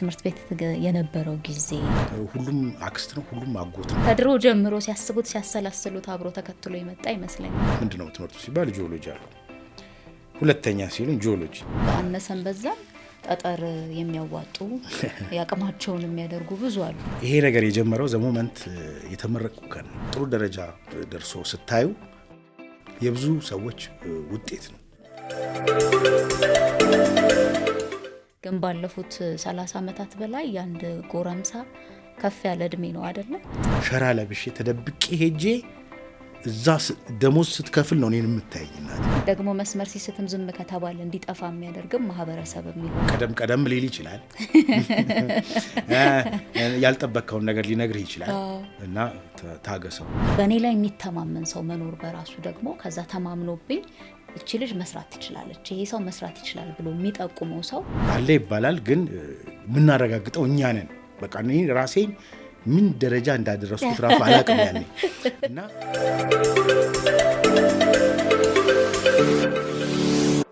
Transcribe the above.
ትምህርት ቤት የነበረው ጊዜ ሁሉም አክስት ነው፣ ሁሉም አጎት ነው። ከድሮ ጀምሮ ሲያስቡት ሲያሰላስሉት አብሮ ተከትሎ የመጣ ይመስለኛል። ምንድን ነው ትምህርቱ ሲባል ጂኦሎጂ አለው፣ ሁለተኛ ሲሉን ጂኦሎጂ አነሰን በዛም ጠጠር የሚያዋጡ የአቅማቸውን የሚያደርጉ ብዙ አሉ። ይሄ ነገር የጀመረው ዘሞመንት የተመረቁ ቀን ጥሩ ደረጃ ደርሶ ስታዩ የብዙ ሰዎች ውጤት ነው። ግን ባለፉት 30 ዓመታት በላይ የአንድ ጎረምሳ ከፍ ያለ እድሜ ነው አይደለም። ሸራ ለብሼ ተደብቄ ሄጄ እዛ ደሞዝ ስትከፍል ነው እኔን የምታየኝ እናት። ደግሞ መስመር ሲስትም ዝም ከተባለ እንዲጠፋ የሚያደርግም ማህበረሰብ የሚል ቀደም ቀደም ሊል ይችላል፣ ያልጠበቅከውን ነገር ሊነግርህ ይችላል እና ታገሰው። በእኔ ላይ የሚተማመን ሰው መኖር በራሱ ደግሞ ከዛ ተማምኖብኝ እቺ ልጅ መስራት ትችላለች፣ ይሄ ሰው መስራት ይችላል ብሎ የሚጠቁመው ሰው አለ ይባላል። ግን የምናረጋግጠው እኛ ነን። በቃ እኔ ራሴን ምን ደረጃ እንዳደረስኩት ራሱ አላቅም ያኔ እና